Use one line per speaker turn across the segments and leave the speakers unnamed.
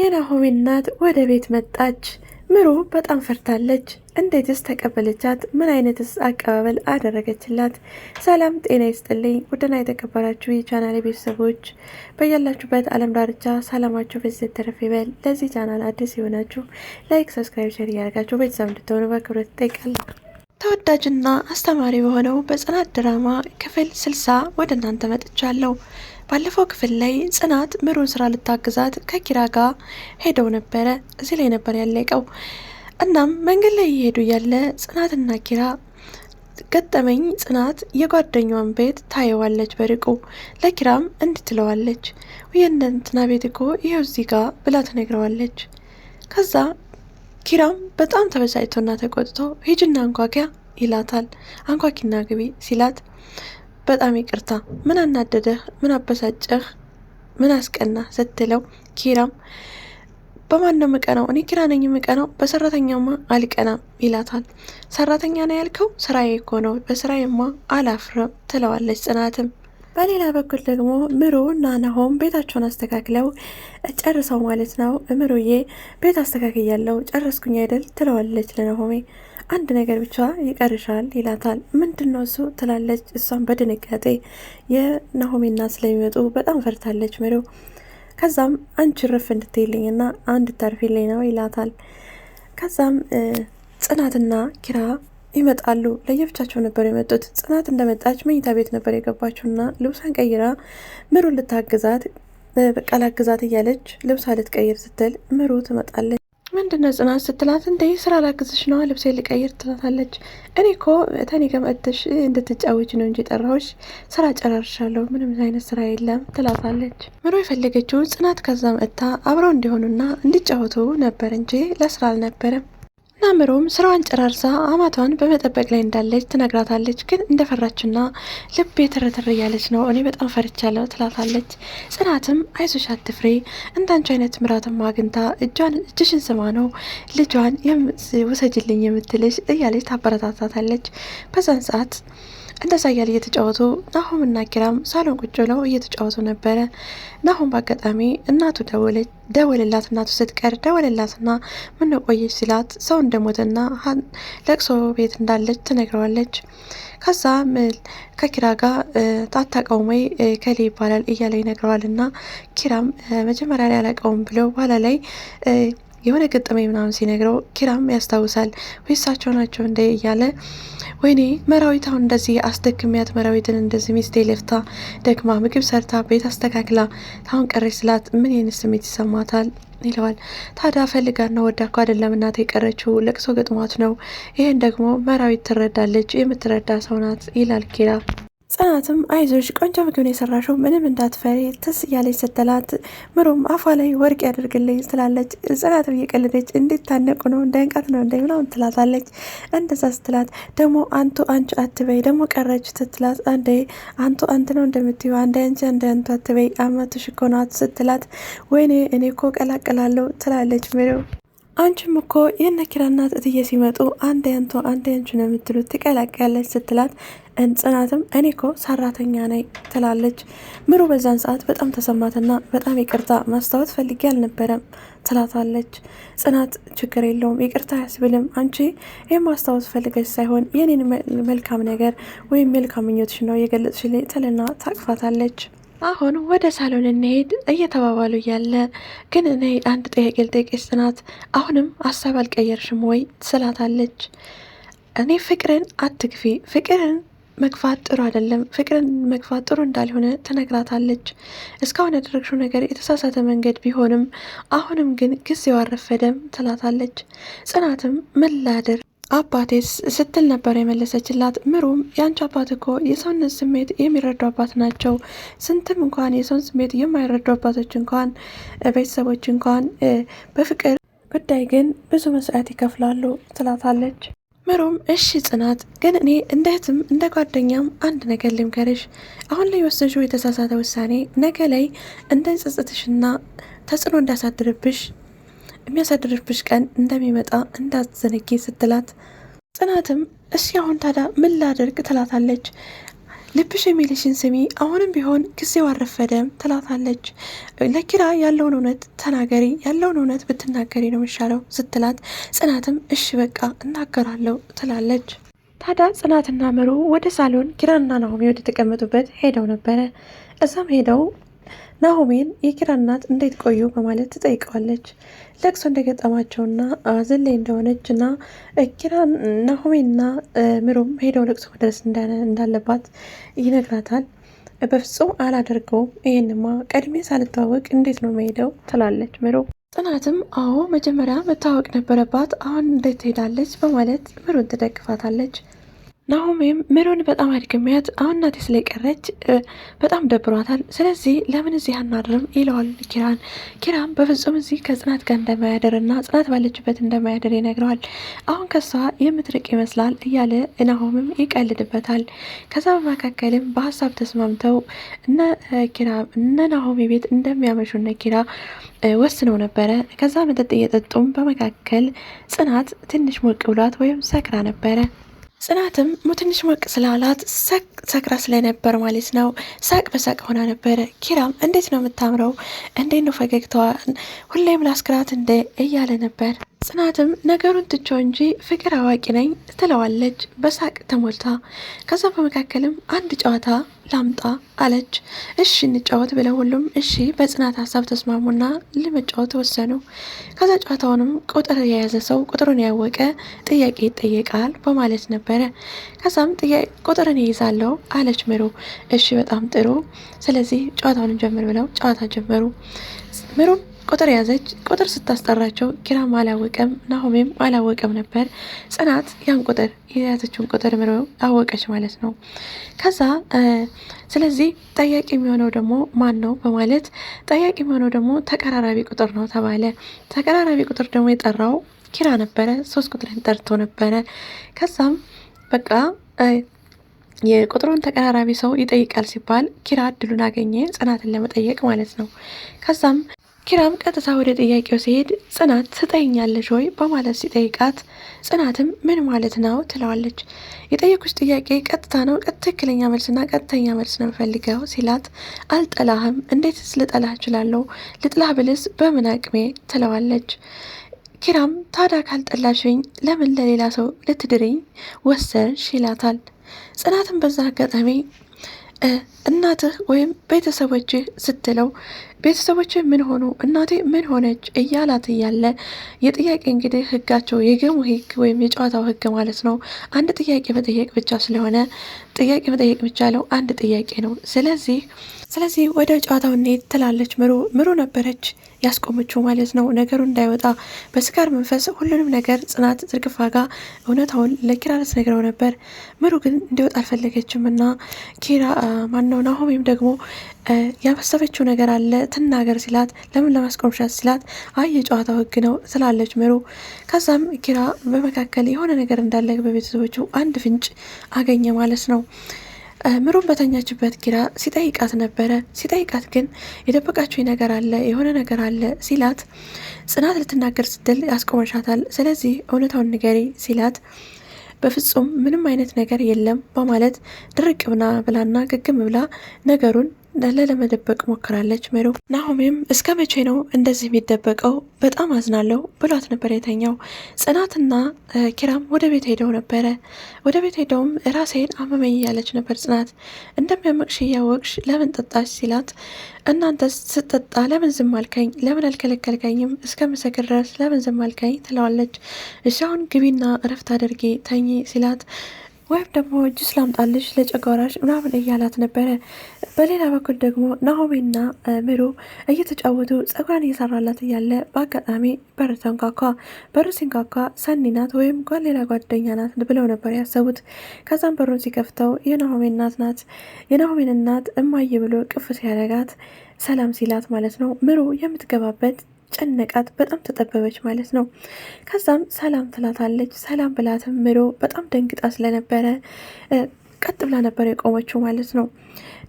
የናሆሚ እናት ወደ ቤት መጣች። ምሩ በጣም ፈርታለች። እንዴትስ ተቀበለቻት? ምን አይነትስ አቀባበል አደረገችላት? ሰላም ጤና ይስጥልኝ ውድና የተከበራችሁ የቻናል ቤተሰቦች በያላችሁበት ዓለም ዳርቻ ሰላማችሁ በዚህ ተረፍ ይበል። ለዚህ ቻናል አዲስ የሆናችሁ ላይክ፣ ሰብስክራይብ፣ ሸር እያደርጋችሁ ቤተሰብ እንድትሆኑ በክብረት እጠይቃለሁ። ተወዳጅና አስተማሪ በሆነው በጽናት ድራማ ክፍል ስልሳ ወደ እናንተ መጥቻለሁ። ባለፈው ክፍል ላይ ጽናት ምሩን ስራ ልታግዛት ከኪራ ጋር ሄደው ነበረ። እዚህ ላይ ነበር ያለቀው። እናም መንገድ ላይ እየሄዱ ያለ ጽናትና ኪራ ገጠመኝ። ጽናት የጓደኛዋን ቤት ታየዋለች በርቁ። ለኪራም እንድትለዋለች የእንትና ቤት እኮ ይኸው እዚህ ጋ ብላ ትነግረዋለች። ከዛ ኪራም በጣም ተበሳጭቶና ተቆጥቶ ሂጅና አንኳኪያ ይላታል። አንኳኪና ግቢ ሲላት በጣም ይቅርታ፣ ምን አናደደህ? ምን አበሳጨህ? ምን አስቀና? ስትለው ኪራም በማን ነው ምቀናው? እኔ ኪራ ነኝ ምቀናው፣ በሰራተኛማ አልቀናም ይላታል። ሰራተኛ ነው ያልከው? ስራዬ እኮ ነው፣ በስራዬማ አላፍርም ትለዋለች ጽናትም። በሌላ በኩል ደግሞ ምሩ እና ናሆም ቤታቸውን አስተካክለው ጨርሰው ማለት ነው። ምሩዬ ቤት አስተካክያለው ጨረስኩኝ አይደል ትለዋለች ለናሆሜ አንድ ነገር ብቻ ይቀርሻል ይላታል። ምንድን ነው እሱ ትላለች። እሷን በድንጋጤ የናሆሜና ስለሚመጡ በጣም ፈርታለች መሪው። ከዛም አንቺ ረፍ እንድትይልኝና አንድ ታርፊልኝ ነው ይላታል። ከዛም ጽናትና ኪራ ይመጣሉ። ለየብቻቸው ነበር የመጡት። ጽናት እንደመጣች መኝታ ቤት ነበር የገባችውና ልብሷን ቀይራ ምሩ ልታግዛት በቃ ላግዛት እያለች ልብሷ ልትቀይር ስትል ምሩ ትመጣለች። ምንድነው ጽናት ስትላት እንደ ስራ ላግዝሽ ነዋ ልብሴ ልቀይር ትላታለች። እኔ ኮ ተኔ ጋር እንድትጫወች ነው እንጂ ጠራሁሽ፣ ስራ ጨራርሻለሁ፣ ምንም አይነት ስራ የለም ትላታለች። ምሮ የፈለገችው ጽናት ከዛ መጥታ አብረው እንዲሆኑና እንዲጫወቱ ነበር እንጂ ለስራ አልነበረም። ምሮም ስራዋን ጨራርሳ አማቷን በመጠበቅ ላይ እንዳለች ትነግራታለች። ግን እንደፈራችና ልብ ትርትር እያለች ነው፣ እኔ በጣም ፈርቻለሁ ትላታለች። ጽናትም አይዞሽ አትፍሪ፣ እንዳንቺ አይነት ምራትም አግኝታ እጇን እጅሽን ስማ ነው ልጇን ውሰጅልኝ የምትልሽ እያለች ታበረታታታለች። በዛን ሰዓት እንደዛ እያለ እየተጫወቱ ናሆም እና ኪራም ሳሎን ቁጭ ብለው እየተጫወቱ ነበረ። ናሆም በአጋጣሚ እናቱ ደወለች ደወለላት እናቱ ስትቀር ደወለላትና ምነው ቆየች ሲላት ሰው እንደሞተና ለቅሶ ቤት እንዳለች ትነግረዋለች። ከዛ ከኪራ ጋር ታታቀውም ወይ ከሌ ይባላል እያለ ይነግረዋልና ኪራም መጀመሪያ ላይ አላቀውም ብሎ በኋላ ላይ የሆነ ገጠመኝ ምናምን ሲነግረው ኪራም ያስታውሳል። ወይሳቸው ናቸው እንደ እያለ ወይኔ መራዊት አሁን እንደዚህ አስደክሚያት መራዊትን እንደዚህ ሚስቴ ለፍታ ደክማ ምግብ ሰርታ ቤት አስተካክላ አሁን ቀረች ስላት ምን ይህን ስሜት ይሰማታል ይለዋል። ታዲያ ፈልጋና ወዳ እኮ አይደለም እናት የቀረችው ለቅሶ ገጥሟት ነው። ይህን ደግሞ መራዊት ትረዳለች፣ የምትረዳ ሰው ናት ይላል ኪራ ጽናትም አይዞሽ ቆንጆ ምግብ ነው የሰራሽው፣ ምንም እንዳትፈሪ ትስ እያለች ስትላት ምሩም አፏ ላይ ወርቅ ያደርግልኝ ትላለች። ጽናትም እየቀለደች እንዴት ታነቁ ነው እንዳይንቃት ነው እንደ ምናምን ትላታለች። እንደዛ ስትላት ደግሞ አንቱ አንቺ አትበይ ደግሞ ቀረች ስትላት አንዴ አንቱ አንት ነው እንደምትዩ አንዴ አንቺ አንዴ አንቱ አትበይ አማትሽ እኮ ናት ስትላት ወይኔ እኔ እኮ ቀላቅላለሁ ትላለች ምሩ አንቺም እኮ የእነ ኪራ እናት እትዬ ሲመጡ አንድ ያንቶ አንድ ያንቺ ነው የምትሉት ትቀላቅያለች ስትላት ጽናትም እኔ ኮ ሰራተኛ ነኝ ትላለች። ምሩ በዛን ሰዓት በጣም ተሰማትና በጣም ይቅርታ ማስታወት ፈልጌ አልነበረም ትላታለች። ጽናት ችግር የለውም ይቅርታ ያስብልም አንቺ ይህ ማስታወት ፈልገች ሳይሆን የኔን መልካም ነገር ወይም መልካም ምኞትሽ ነው የገለጽሽልኝ ትልና ታቅፋታለች። አሁን ወደ ሳሎን እንሄድ እየተባባሉ እያለ ግን እኔ አንድ ጥያቄ ልጠይቅሽ ጽናት፣ አሁንም ሀሳብ አልቀየርሽም ወይ ትስላታለች። እኔ ፍቅርን አትግፊ፣ ፍቅርን መግፋት ጥሩ አይደለም፣ ፍቅርን መግፋት ጥሩ እንዳልሆነ ትነግራታለች። እስካሁን ያደረግሽው ነገር የተሳሳተ መንገድ ቢሆንም አሁንም ግን ጊዜው አልረፈደም ትላታለች። ጽናትም ምን ላድር አባቴስ ስትል ነበር የመለሰችላት። ምሩም የአንቺ አባት እኮ የሰውነት ስሜት የሚረዱ አባት ናቸው። ስንትም እንኳን የሰውን ስሜት የማይረዱ አባቶች እንኳን ቤተሰቦች እንኳን በፍቅር ጉዳይ ግን ብዙ መስዋዕት ይከፍላሉ ትላታለች። ምሩም እሺ ጽናት፣ ግን እኔ እንደ እህትም እንደ ጓደኛም አንድ ነገር ልምከርሽ። አሁን ላይ የወሰንሽው የተሳሳተ ውሳኔ ነገ ላይ እንደ ጸጸትሽና ተጽዕኖ እንዳሳድርብሽ የሚያሳድርብሽ ቀን እንደሚመጣ እንዳትዘነጊ ስትላት፣ ጽናትም እሺ አሁን ታዲያ ምን ላደርግ ትላታለች። ልብሽ የሚልሽን ስሚ፣ አሁንም ቢሆን ጊዜው አልረፈደም ትላታለች። ለኪራ ያለውን እውነት ተናገሪ፣ ያለውን እውነት ብትናገሪ ነው የሚሻለው ስትላት፣ ጽናትም እሺ በቃ እናገራለሁ ትላለች። ታዲያ ጽናትና ምሩ ወደ ሳሎን ኪራና ናሆሚ ወደ ተቀመጡበት ሄደው ነበረ። እዛም ሄደው ናሆሜን የኪራ እናት እንዴት ቆዩ በማለት ትጠይቀዋለች። ለቅሶ እንደገጠማቸውና አዘን ላይ እንደሆነች እና ኪራ ናሆሜና ምሩም ሄደው ለቅሶ መድረስ እንዳለባት ይነግራታል። በፍጹም አላደርገውም፣ ይህንማ ቀድሜ ሳልተዋወቅ እንዴት ነው መሄደው ትላለች ምሩ። ጽናትም አዎ መጀመሪያ መታወቅ ነበረባት፣ አሁን እንዴት ትሄዳለች በማለት ምሩን ትደግፋታለች። ናሆሜም ምሩን በጣም አድክሚያት አሁን እናቴ ስለቀረች በጣም ደብሯታል። ስለዚህ ለምን እዚህ አናድርም ይለዋል ኪራን። ኪራን በፍጹም እዚህ ከጽናት ጋር እንደማያደርና ጽናት ባለችበት እንደማያደር ይነግረዋል። አሁን ከሷ የምትርቅ ይመስላል እያለ ናሆምም ይቀልድበታል። ከዛ በመካከልም በሀሳብ ተስማምተው እነ ኪራ እነ ናሆሜ ቤት እንደሚያመሹ እነ ኪራ ወስነው ነበረ። ከዛ መጠጥ እየጠጡም በመካከል ጽናት ትንሽ ሞቅ ብሏት ወይም ሰክራ ነበረ። ጽናትም ትንሽ ሞቅ ስላላት ሰክራ ስለነበር ማለት ነው፣ ሳቅ በሳቅ ሆና ነበረ። ኪራም እንዴት ነው የምታምረው፣ እንዴት ነው ፈገግታዋ፣ ሁሌም ላስክራት እንደ እያለ ነበር። ጽናትም ነገሩን ትቸው እንጂ ፍቅር አዋቂ ነኝ ትለዋለች በሳቅ ተሞልታ። ከዛ በመካከልም አንድ ጨዋታ ላምጣ አለች። እሺ እንጫወት ብለው ሁሉም እሺ በጽናት ሀሳብ ተስማሙና ለመጫወት ወሰኑ። ከዛ ጨዋታውንም ቁጥር የያዘ ሰው ቁጥሩን ያወቀ ጥያቄ ይጠየቃል በማለት ነበረ። ከዛም ቁጥርን ይይዛለው አለች ምሩ። እሺ በጣም ጥሩ፣ ስለዚህ ጨዋታውን ጀምር ብለው ጨዋታ ጀመሩ ምሩም ቁጥር ያዘች። ቁጥር ስታስጠራቸው ኪራም አላወቀም፣ ናሆሜም አላወቀም ነበር። ጽናት ያን ቁጥር የያዘችውን ቁጥር ምረው አወቀች ማለት ነው። ከዛ ስለዚህ ጠያቂ የሚሆነው ደግሞ ማን ነው በማለት ጠያቂ የሚሆነው ደግሞ ተቀራራቢ ቁጥር ነው ተባለ። ተቀራራቢ ቁጥር ደግሞ የጠራው ኪራ ነበረ። ሶስት ቁጥርን ጠርቶ ነበረ። ከዛም በቃ የቁጥሩን ተቀራራቢ ሰው ይጠይቃል ሲባል ኪራ እድሉን አገኘ ጽናትን ለመጠየቅ ማለት ነው። ከዛም ኪራም ቀጥታ ወደ ጥያቄው ሲሄድ ጽናት ትጠይኛለች ወይ በማለት ሲጠይቃት ጽናትም ምን ማለት ነው ትለዋለች። የጠየኩሽ ጥያቄ ቀጥታ ነው ትክክለኛ መልስና ቀጥተኛ መልስ ነው የምፈልገው ሲላት አልጠላህም፣ እንዴትስ ልጠላህ እችላለሁ? ልጥላህ ብልስ በምን አቅሜ ትለዋለች። ኪራም ታዲያ ካልጠላሽኝ ለምን ለሌላ ሰው ልትድርኝ ወሰንሽ? ይላታል። ጽናትም በዛ አጋጣሚ እናትህ ወይም ቤተሰቦችህ ስትለው ቤተሰቦች ምን ሆኑ፣ እናቴ ምን ሆነች እያላት እያለ የጥያቄ እንግዲህ ህጋቸው የገሙ ህግ ወይም የጨዋታው ህግ ማለት ነው። አንድ ጥያቄ መጠየቅ ብቻ ስለሆነ ጥያቄ መጠየቅ ብቻ ያለው አንድ ጥያቄ ነው። ስለዚህ ስለዚህ ወደ ጨዋታው እንሂድ ትላለች ምሩ። ምሩ ነበረች ያስቆመችው ማለት ነው። ነገሩ እንዳይወጣ በስጋር መንፈስ ሁሉንም ነገር ጽናት ዝርግፋ ጋ እውነታውን ለኪራ ልትነግረው ነበር። ምሩ ግን እንዲወጣ አልፈለገችም እና ኪራ ማነው ናሆም ደግሞ ያበሰበችው ነገር አለ ትናገር ሲላት ለምን ለማስቆምሻት ሲላት አይ የጨዋታው ህግ ነው ስላለች ምሩ። ከዛም ኪራ በመካከል የሆነ ነገር እንዳለ በቤተሰቦቹ አንድ ፍንጭ አገኘ ማለት ነው። ምሩን በተኛችበት ኪራ ሲጠይቃት ነበረ። ሲጠይቃት ግን የደበቃችሁ ነገር አለ የሆነ ነገር አለ ሲላት ጽናት ልትናገር ስትል ያስቆመሻታል። ስለዚህ እውነታውን ንገሪ ሲላት በፍጹም ምንም አይነት ነገር የለም በማለት ድርቅ ብና ብላና ግግም ብላ ነገሩን እንዳለ ለመደበቅ ሞክራለች። ምሩ ናሆሜም እስከ መቼ ነው እንደዚህ የሚደበቀው በጣም አዝናለሁ ብሏት ነበር የተኛው። ጽናትና ኪራም ወደ ቤት ሄደው ነበረ። ወደ ቤት ሄደውም ራሴን አመመኝ እያለች ነበር ጽናት። እንደሚያመቅሽ እያወቅሽ ለምን ጠጣሽ ሲላት እናንተ ስጠጣ ለምን ዝም አልከኝ? ለምን አልከለከልከኝም? እስከ መሰክር ድረስ ለምን ዝም አልከኝ? ትለዋለች። እሺ አሁን ግቢና እረፍት አድርጊ ተኚ ሲላት ወይም ደግሞ ጁስ ላምጣልሽ ለጨጓራሽ ምናምን እያላት ነበረ። በሌላ በኩል ደግሞ ናሆሜና ምሩ እየተጫወቱ ጸጉሯን እየሰራላት እያለ በአጋጣሚ በር ተንኳኳ። በሩ ሲንኳኳ ሰኒ ናት ወይም ሌላ ጓደኛ ናት ብለው ነበር ያሰቡት። ከዛም በሩን ሲከፍተው የናሆሜ እናት ናት። የናሆሜን እናት እማዬ ብሎ ቅፍ ሲያደርጋት ሰላም ሲላት ማለት ነው ምሩ የምትገባበት ጨነቃት። በጣም ተጠበበች ማለት ነው። ከዛም ሰላም ትላታለች። ሰላም ብላትም ምሮ በጣም ደንግጣ ስለነበረ ቀጥ ብላ ነበር የቆመችው ማለት ነው።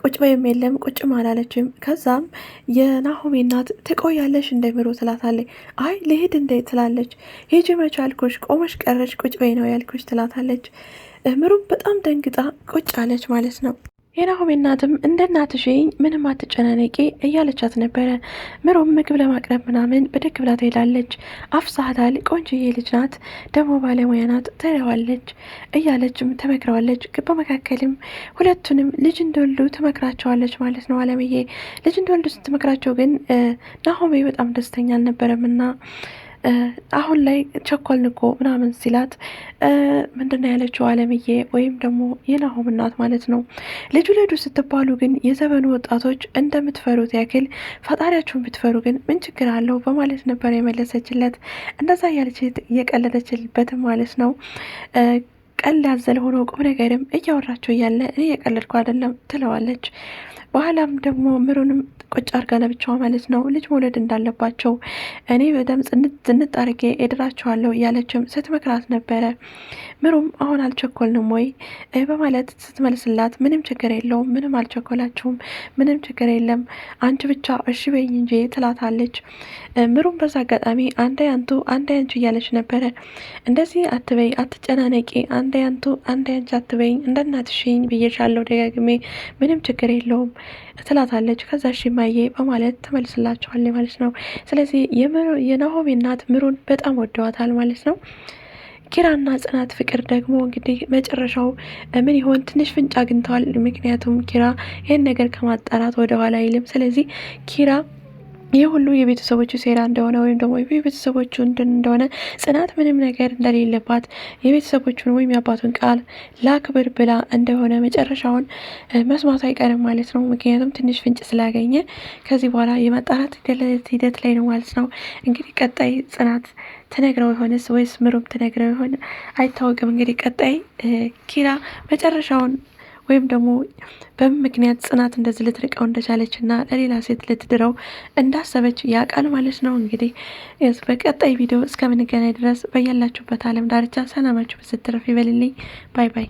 ቁጭ በይም የለም ቁጭም አላለችም። ከዛም የናሆሜ እናት ትቆያለሽ እንደ ምሮ ትላታለች። አይ ልሄድ እንደ ትላለች። ሄጅ መቼ አልኩሽ ቆመሽ ቀረች ቁጭ ወይ ነው ያልኩሽ ትላታለች። ምሩም በጣም ደንግጣ ቁጭ አለች ማለት ነው። የናሆሜ እናትም እንደ እናትሽ ምንም አትጨናነቂ እያለቻት ነበረ። ምሮም ምግብ ለማቅረብ ምናምን ብድግ ብላ ትሄዳለች። አፍሳሃታል፣ ቆንጆዬ ልጅ ናት፣ ደግሞ ባለሙያ ናት ትለዋለች፣ እያለችም ተመክረዋለች። በመካከልም ሁለቱንም ልጅ እንደወልዱ ትመክራቸዋለች ማለት ነው። አለምዬ ልጅ እንደወልዱ ስትመክራቸው ግን ናሆሜ በጣም ደስተኛ አልነበረምና አሁን ላይ ቸኮልን እኮ ምናምን ሲላት ምንድነው ያለችው አለምዬ ወይም ደግሞ የናሆም እናት ማለት ነው። ልጁ ልዱ ስትባሉ ግን የዘመኑ ወጣቶች እንደምትፈሩት ያክል ፈጣሪያችሁን ብትፈሩ ግን ምን ችግር አለው በማለት ነበር የመለሰችለት። እንደዛ ያለች እየቀለደችልበትም ማለት ነው ቀል ያዘለ ሆኖ ቁም ነገርም እያወራቸው እያለ እኔ የቀለድኩ አይደለም ትለዋለች። በኋላም ደግሞ ምሩንም ቁጭ አርጋ ለብቻዋ ማለት ነው ልጅ መውለድ እንዳለባቸው እኔ በደም ጽንት አርጌ እድራቸዋለሁ እያለችም ስትመክራት ነበረ። ምሩም አሁን አልቸኮልንም ወይ በማለት ስትመልስላት፣ ምንም ችግር የለውም፣ ምንም አልቸኮላችሁም፣ ምንም ችግር የለም፣ አንቺ ብቻ እሺ በይኝ እንጂ ትላታለች። ምሩም በዛ አጋጣሚ አንዳይ አንቱ አንዳይ አንቺ እያለች ነበረ። እንደዚህ አትበይ፣ አትጨናነቂ፣ አንዳይ አንቱ አንዳይ አንቺ አትበይኝ፣ እንደናትሽኝ ብዬሻለሁ ደጋግሜ፣ ምንም ችግር የለውም ትላታለች። ከዛ እሺ እማዬ በማለት ትመልስላቸዋል ማለት ነው። ስለዚህ የናሆሚ እናት ምሩን በጣም ወደዋታል ማለት ነው። ኪራና ጽናት ፍቅር ደግሞ እንግዲህ መጨረሻው ምን ይሆን ትንሽ ፍንጭ አግኝተዋል። ምክንያቱም ኪራ ይህን ነገር ከማጣራት ወደኋላ አይልም። ስለዚህ ኪራ ይህ ሁሉ የቤተሰቦቹ ሴራ እንደሆነ ወይም ደግሞ የቤተሰቦቹ እንደሆነ ጽናት ምንም ነገር እንደሌለባት የቤተሰቦቹን ወይም የአባቱን ቃል ላክብር ብላ እንደሆነ መጨረሻውን መስማቱ አይቀርም ማለት ነው። ምክንያቱም ትንሽ ፍንጭ ስላገኘ ከዚህ በኋላ የማጣራት ሂደት ላይ ነው ማለት ነው። እንግዲህ ቀጣይ ጽናት ትነግረው የሆነስ ወይስ ምሩም ትነግረው የሆነ አይታወቅም። እንግዲህ ቀጣይ ኪራ መጨረሻውን ወይም ደግሞ በምን ምክንያት ጽናት እንደዚህ ልትርቀው እንደቻለች እና ለሌላ ሴት ልትድረው እንዳሰበች ያውቃል ማለት ነው። እንግዲህ በቀጣይ ቪዲዮ እስከምንገናኝ ድረስ በያላችሁበት ዓለም ዳርቻ ሰላማችሁ ብስትረፍ ይበልልኝ። ባይ ባይ።